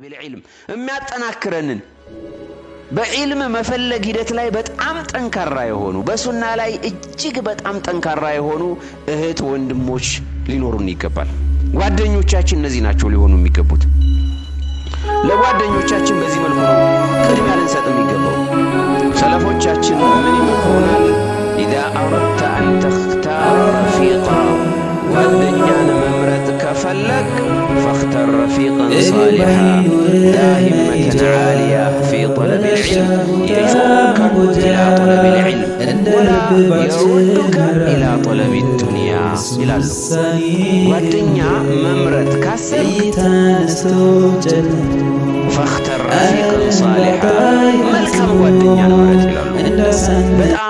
ቢልዕልም የሚያጠናክረንን በዒልም መፈለግ ሂደት ላይ በጣም ጠንካራ የሆኑ በሱና ላይ እጅግ በጣም ጠንካራ የሆኑ እህት ወንድሞች ሊኖሩን ይገባል። ጓደኞቻችን እነዚህ ናቸው ሊሆኑ የሚገቡት። ለጓደኞቻችን በዚህ መልኩ ነው ቅድሚያ ልንሰጥ የሚገባው። ሰለፎቻችን ምን ይሉ ከሆናል ኢዛ አውረድተ አንተክተ صالحا دائمة عالية في طلب العلم إلى طلب العلم ولا يردك إلى طلب الدنيا إلى والدنيا ممرت كسر فاختر رفيقا صالحا ملكا والدنيا نوعد إلى الأرض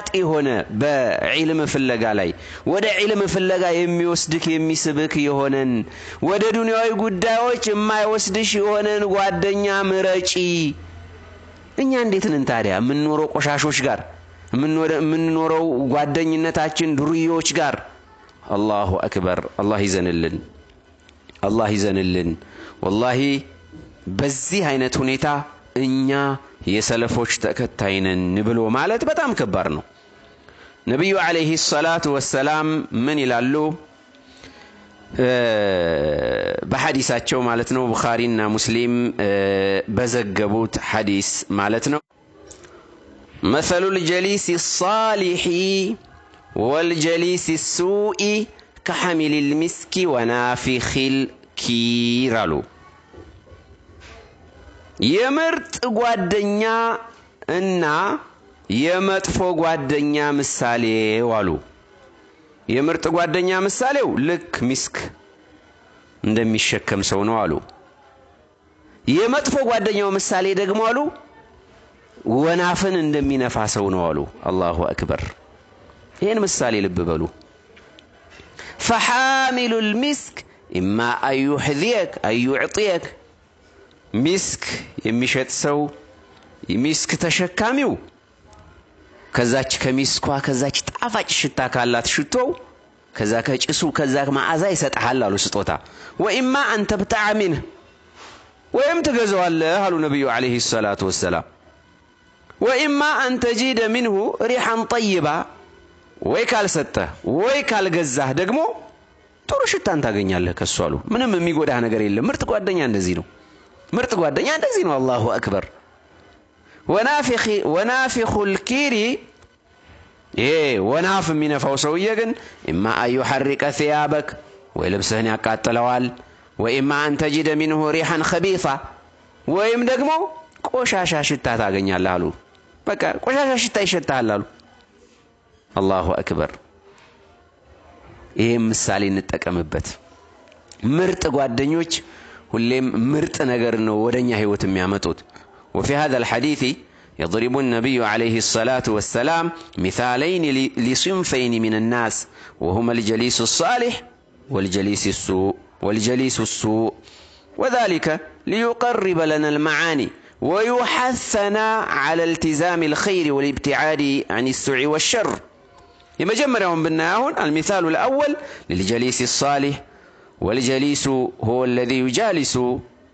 ዋጥ የሆነ በዒልም ፍለጋ ላይ ወደ ዒልም ፍለጋ የሚወስድክ የሚስብክ የሆነን ወደ ዱንያዊ ጉዳዮች የማይወስድሽ የሆነን ጓደኛ ምረጪ። እኛ እንዴት ነን ታዲያ? የምንኖረው ቆሻሾች ጋር የምንኖረው ጓደኝነታችን ዱርዬዎች ጋር። አላሁ አክበር። አላህ ይዘንልን፣ አላህ ይዘንልን። ወላሂ በዚህ አይነት ሁኔታ እኛ የሰለፎች ተከታይ ነን ብሎ ማለት በጣም ከባድ ነው። ነቢዩ ዓለይሂ ሰላቱ ወሰላም ምን ይላሉ? በሐዲሳቸው ማለት ነው። ቡኻሪና ሙስሊም በዘገቡት ሐዲስ ማለት ነው። መሰሉ ልጀሊስ ሳሊሒ ወልጀሊስ ሱኢ ከሐሚል ልምስኪ ወናፊኺል ኪር አሉ። የምርጥ ጓደኛ እና የመጥፎ ጓደኛ ምሳሌው አሉ። የምርጥ ጓደኛ ምሳሌው ልክ ሚስክ እንደሚሸከም ሰው ነው አሉ። የመጥፎ ጓደኛው ምሳሌ ደግሞ አሉ ወናፍን እንደሚነፋ ሰው ነው አሉ። አላሁ አክበር። ይህን ምሳሌ ልብ በሉ። ፈሓሚሉ ልሚስክ ኢማ አዩሕዝየክ አዩዕጥየክ ሚስክ የሚሸጥ ሰው ሚስክ ተሸካሚው ከዛች ከሚስኳ ከዛች ጣፋጭ ሽታ ካላት ሽቶው ከዛ ከጭሱ ከዛ መዓዛ ይሰጥሃል አሉ ስጦታ። ወኢማ አንተብተዓ ሚን ወይም ትገዛዋለህ አሉ ነቢዩ ዓለይሂ ሰላቱ ወሰላም። ወኢማ ጂደ ሚንሁ ሪሓን ጠይባ ወይ ካልሰጠህ ወይ ካልገዛህ ደግሞ ጥሩ ሽታን ታገኛለህ ከሱ አሉ። ምንም የሚጎዳህ ነገር የለም። ምርጥ ጓደኛ እንደዚህ ነው። ምርጥ ጓደኛ እንደዚህ ነው። አላሁ አክበር። ወናፊኹል ኪሪ ይሄ ወናፍ የሚነፋው ሰውዬ ግን ኢማ አዩሐሪቀ ስያበክ ወይ ልብስህን ያቃጥለዋል፣ ወኢማ አንተጂደ ሚንሁ ሪሐን ኸቢሳ ወይም ደግሞ ቆሻሻ ሽታ ታገኛለህ አሉ። በቃ ቆሻሻ ሽታ ይሸታሃል አሉ። አላሁ አክበር። ይህም ምሳሌ እንጠቀምበት። ምርጥ ጓደኞች ሁሌም ምርጥ ነገር ነው ወደኛ ህይወት የሚያመጡት وفي هذا الحديث يضرب النبي عليه الصلاة والسلام مثالين لصنفين من الناس وهما الجليس الصالح والجليس السوء والجليس السوء وذلك ليقرب لنا المعاني ويحثنا على التزام الخير والابتعاد عن السوء والشر የመጀመሪያውን ብናይ አሁን المثال الأول للجليس الصالح والجليس هو الذي يجالس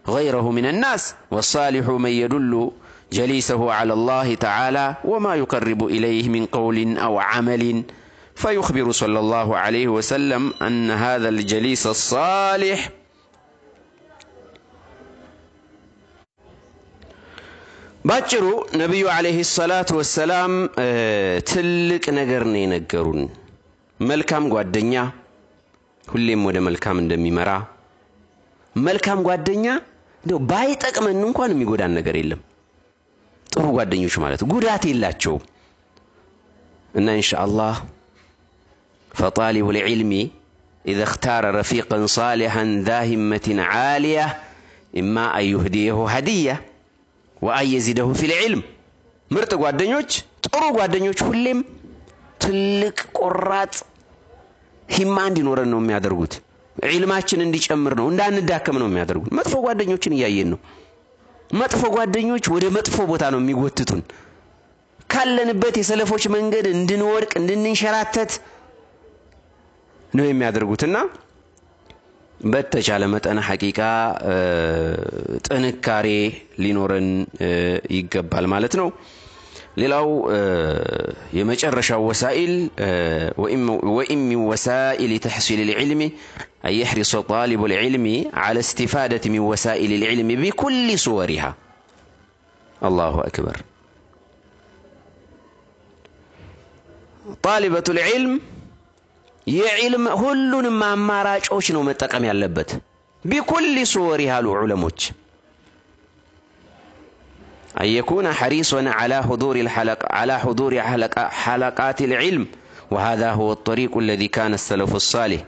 غيره من الناس والصالح من يدل جليسه على الله تعالى وما يقرب إليه من قول أو عمل فيخبر صلى الله عليه وسلم أن هذا الجليس الصالح ባጭሩ نبي عليه الصلاة والسلام تلك نقرني نقرون ملكم መልካም ሁሌም ወደ መልካም እንደሚመራ መልካም ጓደኛ እንደው ባይጠቅመን እንኳን የሚጎዳን ነገር የለም። ጥሩ ጓደኞች ማለት ጉዳት የላቸውም እና ኢንሻአላህ ፈጣሊቡ ልዕልሚ ኢዘ እኽታረ ረፊቀን ሳሊሐን ዛ ሂመትን ዓሊያ ኢማ አን ሀዲያ ወአን የዚደሁ ፊ ልዕልም። ምርጥ ጓደኞች፣ ጥሩ ጓደኞች ሁሌም ትልቅ ቆራጥ ሂማ እንዲኖረን ነው የሚያደርጉት። ዒልማችን እንዲጨምር ነው፣ እንዳንዳከም ነው የሚያደርጉት። መጥፎ ጓደኞችን እያየን ነው። መጥፎ ጓደኞች ወደ መጥፎ ቦታ ነው የሚጎትቱን። ካለንበት የሰለፎች መንገድ እንድንወድቅ እንድንሸራተት ነው የሚያደርጉትና በተቻለ መጠን ሐቂቃ ጥንካሬ ሊኖረን ይገባል ማለት ነው። ሌላው የመጨረሻው ወሳኢል ወኢን ሚን ወሳኢል ተሕሲል ልዕልሚ አን የሕሪሰ ጣሊቡ ልዕልሚ ዓላ እስትፋደት ሚን ወሳኢል ልዕልሚ ቢኩል ሱወሪሃ አላሁ አክበር ጣሊበቱ ልዕልም የዕልም ሁሉንም አማራጮች ነው መጠቀም ያለበት ቢኩል ሱወሪሃ አሉ ዑለሞች አንየኩነ ሐሪሶን ዓላ ሁዱሪ ሐለቃት ልዕልም ወሃዛ ሁወ ጠሪቁ አለዚ ካነ ሰለፉ ሳሌሕ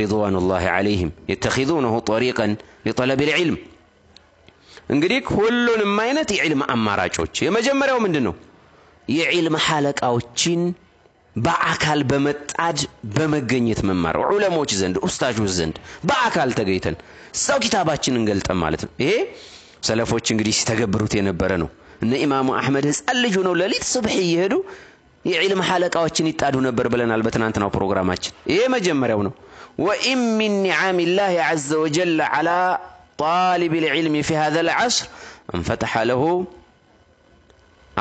ሪድዋኑላሂ ዓለይሂም የተኺዙነሁ ጠሪቀን ሊጠለብ ልዕልም። እንግዲህ ሁሉንም አይነት የዕልም አማራጮች የመጀመሪያው ምንድን ነው? የዕልም ሐለቃዎችን በአካል በመጣድ በመገኘት መማር ዑለሞች ዘንድ ኡስታዞች ዘንድ በአካል ተገኝተን ሰው ኪታባችንን ገልጠን ማለት ነው ይሄ ሰለፎች እንግዲህ ሲተገብሩት የነበረ ነው። እነ ኢማሙ አሕመድ ህፃን ልጅ ሆነው ሌሊት ስብሕ እየሄዱ የዕልም ሐለቃዎችን ይጣዱ ነበር ብለናል በትናንትናው ፕሮግራማችን። ይሄ መጀመሪያው ነው። ወኢን ሚን ኒዓሚ ላህ ዐዘ ወጀል ዐላ ጣሊብ ልዕልሚ ፊ ሃዘ ዐስር አንፈተሐ ለሁ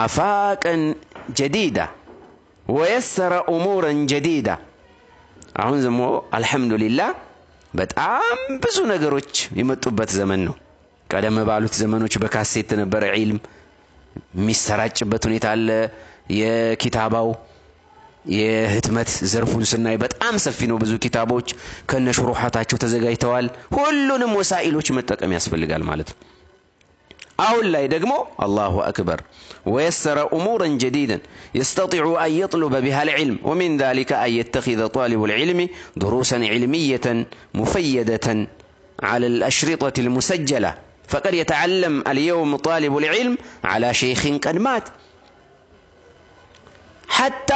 አፋቀን ጀዲዳ ወየሰረ እሙረን ጀዲዳ። አሁን ዝሞ አልሐምዱሊላህ በጣም ብዙ ነገሮች የመጡበት ዘመን ነው። ቀደም ባሉት ዘመኖች በካሴት ነበር ዒልም የሚሰራጭበት ሁኔታ አለ። የኪታባው የህትመት ዘርፉን ስናይ በጣም ሰፊ ነው። ብዙ ኪታቦች ከነ ሹሩሓታቸው ተዘጋጅተዋል። ሁሉንም ወሳኢሎች መጠቀም ያስፈልጋል ማለት ነው። አሁን ላይ ደግሞ አላሁ አክበር ወየሰረ እሙረን ጀዲደን የስተጢዑ አን የጥሉበ ቢሃ ልዕልም ወሚን ዛሊከ አን የተኪዘ ጣሊቡ ልዕልሚ ድሩሰን ዕልምየተን ሙፈየደተን ዓላ ልአሽሪጠት ልሙሰጀላ فقد يتعلم اليوم طالب العلم على ሼክ ቀድ ማት ሐታ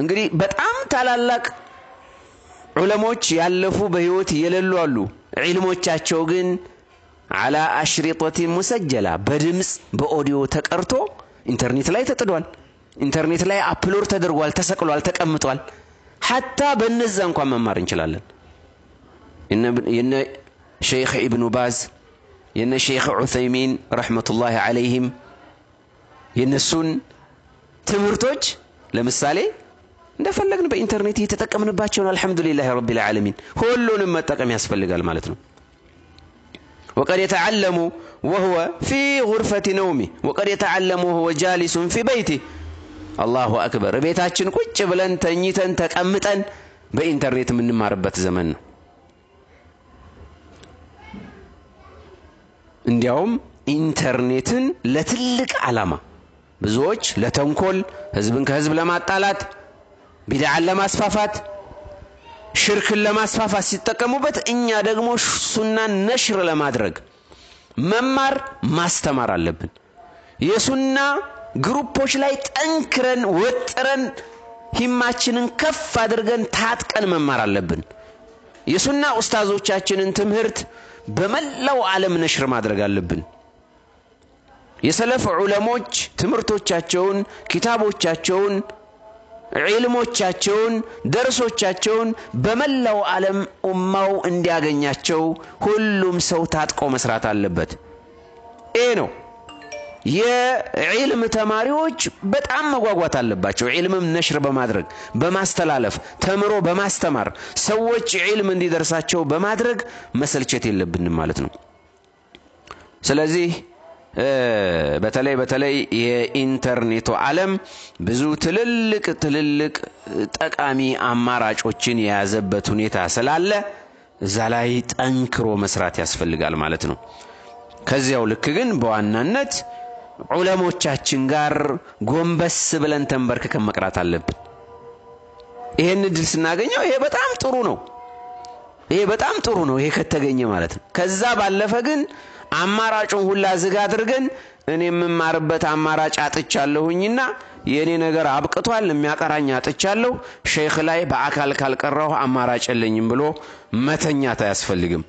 እንግዲህ በጣም ታላላቅ ዑለሞች ያለፉ በህይወት የሌሉ አሉ። ዒልሞቻቸው ግን አላ አሽሪጦቲ ሙሰጀላ በድምፅ በኦዲዮ ተቀርቶ ኢንተርኔት ላይ ተጥዷል። ኢንተርኔት ላይ አፕሎድ ተደርጓል፣ ተሰቅሏል፣ ተቀምጧል። ሐታ በነዛ እንኳን መማር እንችላለን። የነ ሼክ ኢብኑ ባዝ የነ ሼክ ዑሰይሚን ረሕመቱላሂ ዓለይሂም የነሱን ትምህርቶች ለምሳሌ እንደፈለግን በኢንተርኔት እየተጠቀምንባቸውን አልሐምዱሊላህ ረቢል ዓለሚን ሁሉንም መጠቀም ያስፈልጋል ማለት ነው። ወቀድ የተዓለሙ ወህወ ፊ ጉርፈቲ ነውሚ ወቀድ የተዓለሙ ወህወ ጃሊሱን ፊ በይቲ አላሁ አክበር። ቤታችን ቁጭ ብለን ተኝተን ተቀምጠን በኢንተርኔት የምንማርበት ዘመን ነው። እንዲያውም ኢንተርኔትን ለትልቅ ዓላማ ብዙዎች ለተንኮል፣ ህዝብን ከህዝብ ለማጣላት፣ ቢድዓን ለማስፋፋት፣ ሽርክን ለማስፋፋት ሲጠቀሙበት፣ እኛ ደግሞ ሱናን ነሽር ለማድረግ መማር ማስተማር አለብን። የሱና ግሩፖች ላይ ጠንክረን ወጥረን ሂማችንን ከፍ አድርገን ታጥቀን መማር አለብን። የሱና ኡስታዞቻችንን ትምህርት በመላው ዓለም ነሽር ማድረግ አለብን። የሰለፍ ዑለሞች ትምህርቶቻቸውን፣ ኪታቦቻቸውን፣ ዒልሞቻቸውን፣ ደርሶቻቸውን በመላው ዓለም ኡማው እንዲያገኛቸው ሁሉም ሰው ታጥቆ መስራት አለበት። ይህ ነው የዒልም ተማሪዎች በጣም መጓጓት አለባቸው። ዒልምም ነሽር በማድረግ በማስተላለፍ ተምሮ በማስተማር ሰዎች ዒልም እንዲደርሳቸው በማድረግ መሰልቸት የለብንም ማለት ነው። ስለዚህ በተለይ በተለይ የኢንተርኔቱ ዓለም ብዙ ትልልቅ ትልልቅ ጠቃሚ አማራጮችን የያዘበት ሁኔታ ስላለ እዛ ላይ ጠንክሮ መስራት ያስፈልጋል ማለት ነው። ከዚያው ልክ ግን በዋናነት ዑለሞቻችን ጋር ጎንበስ ብለን ተንበርክከን መቅራት አለብን። ይሄን እድል ስናገኘው ይሄ በጣም ጥሩ ነው። ይሄ በጣም ጥሩ ነው። ይሄ ከተገኘ ማለት ነው። ከዛ ባለፈ ግን አማራጩን ሁላ ዝግ አድርገን እኔ የምማርበት አማራጭ አጥቻለሁኝና የእኔ ነገር አብቅቷል፣ የሚያቀራኝ አጥቻለሁ፣ ሼክ ላይ በአካል ካልቀራሁ አማራጭ የለኝም ብሎ መተኛት አያስፈልግም።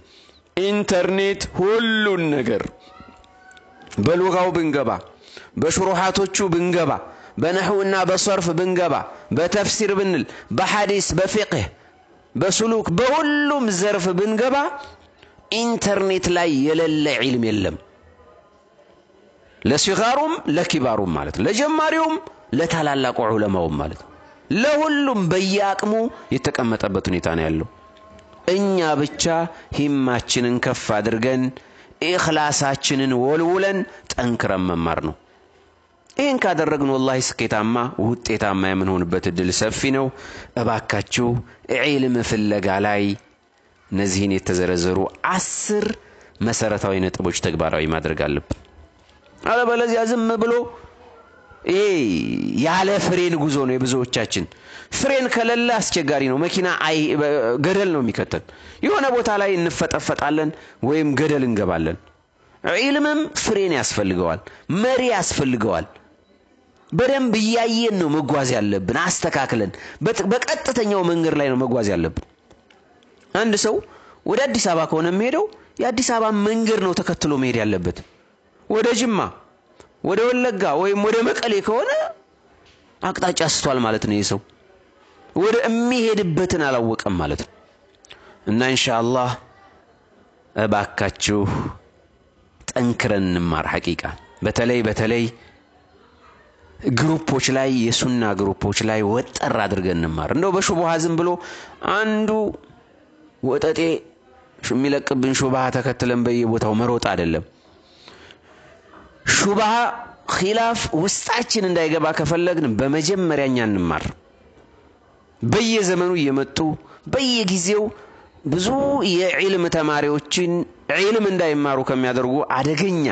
ኢንተርኔት ሁሉን ነገር በሉጋው ብንገባ በሽሩሓቶቹ ብንገባ በነሕውና በሰርፍ ብንገባ በተፍሲር ብንል በሐዲስ በፊቅህ በስሉክ በሁሉም ዘርፍ ብንገባ ኢንተርኔት ላይ የሌለ ዒልም የለም። ለሲጋሩም ለኪባሩም ማለት ነው። ለጀማሪውም ለታላላቁ ዑለማውም ማለት ነው። ለሁሉም በየአቅሙ የተቀመጠበት ሁኔታ ነው ያለው። እኛ ብቻ ሂማችንን ከፍ አድርገን ኢኽላሳችንን ወልውለን ጠንክረን መማር ነው። ይህን ካደረግን ወላሂ ስኬታማ ውጤታማ የምንሆንበት እድል ሰፊ ነው። እባካችሁ ዒልም ፍለጋ ላይ እነዚህን የተዘረዘሩ አስር መሰረታዊ ነጥቦች ተግባራዊ ማድረግ አለብን። አለበለዚያ ዝም ብሎ ይሄ ያለ ፍሬን ጉዞ ነው የብዙዎቻችን። ፍሬን ከሌለ አስቸጋሪ ነው። መኪና ገደል ነው የሚከተል። የሆነ ቦታ ላይ እንፈጠፈጣለን ወይም ገደል እንገባለን። ዒልምም ፍሬን ያስፈልገዋል፣ መሪ ያስፈልገዋል። በደንብ እያየን ነው መጓዝ ያለብን፣ አስተካክለን በቀጥተኛው መንገድ ላይ ነው መጓዝ ያለብን። አንድ ሰው ወደ አዲስ አበባ ከሆነ የሚሄደው የአዲስ አበባ መንገድ ነው ተከትሎ መሄድ ያለበት ወደ ጅማ ወደ ወለጋ ወይም ወደ መቀሌ ከሆነ አቅጣጫ አስቷል ማለት ነው። ይህ ሰው ወደ የሚሄድበትን አላወቀም ማለት ነው። እና ኢንሻአላህ እባካችሁ ጠንክረን እንማር። ሐቂቃ በተለይ በተለይ ግሩፖች ላይ የሱና ግሩፖች ላይ ወጠር አድርገን እንማር። እንደው በሹብሃ ዝም ብሎ አንዱ ወጠጤ የሚለቅብን ሹብሃ ተከትለን በየቦታው መሮጥ አይደለም። ሹብሃ ኺላፍ ውስጣችን እንዳይገባ ከፈለግን በመጀመሪያኛ እንማር። በየዘመኑ እየመጡ በየጊዜው ብዙ የዒልም ተማሪዎችን ዒልም እንዳይማሩ ከሚያደርጉ አደገኛ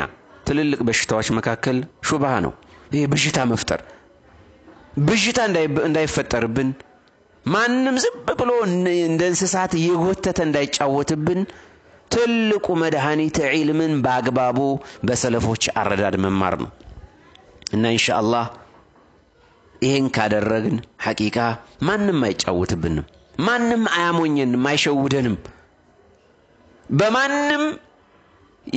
ትልልቅ በሽታዎች መካከል ሹብሃ ነው። ይህ ብዥታ መፍጠር ብዥታ እንዳይፈጠርብን ማንም ዝም ብሎ እንደ እንስሳት እየጎተተ እንዳይጫወትብን ትልቁ መድኃኒት ዒልምን በአግባቡ በሰለፎች አረዳድ መማር ነው እና ኢንሻአላህ ይሄን ካደረግን ሐቂቃ ማንም አይጫወትብንም፣ ማንም አያሞኘንም፣ አይሸውደንም። በማንም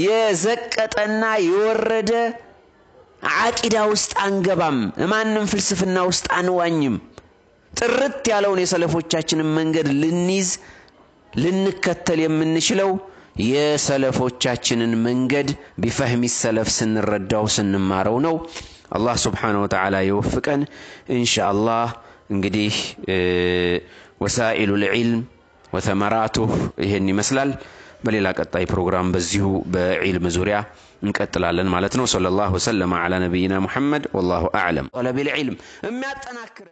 የዘቀጠና የወረደ ዓቂዳ ውስጥ አንገባም። ማንም ፍልስፍና ውስጥ አንዋኝም። ጥርት ያለውን የሰለፎቻችንን መንገድ ልንይዝ ልንከተል የምንችለው የሰለፎቻችንን መንገድ ቢፈህሚ ሰለፍ ስንረዳው ስንማረው ነው። አላህ ስብሓነ ወተዓላ የወፍቀን ኢንሻአላህ። እንግዲህ ወሳኢሉል ዒልም ወተመራቱህ ይሄን ይመስላል። በሌላ ቀጣይ ፕሮግራም በዚሁ በዒልም ዙሪያ እንቀጥላለን ማለት ነው። ሰለላሁ ወሰለማ ዓላ ነቢይና ሙሐመድ ወላሁ አዕለም። ጠለቢል ዒልም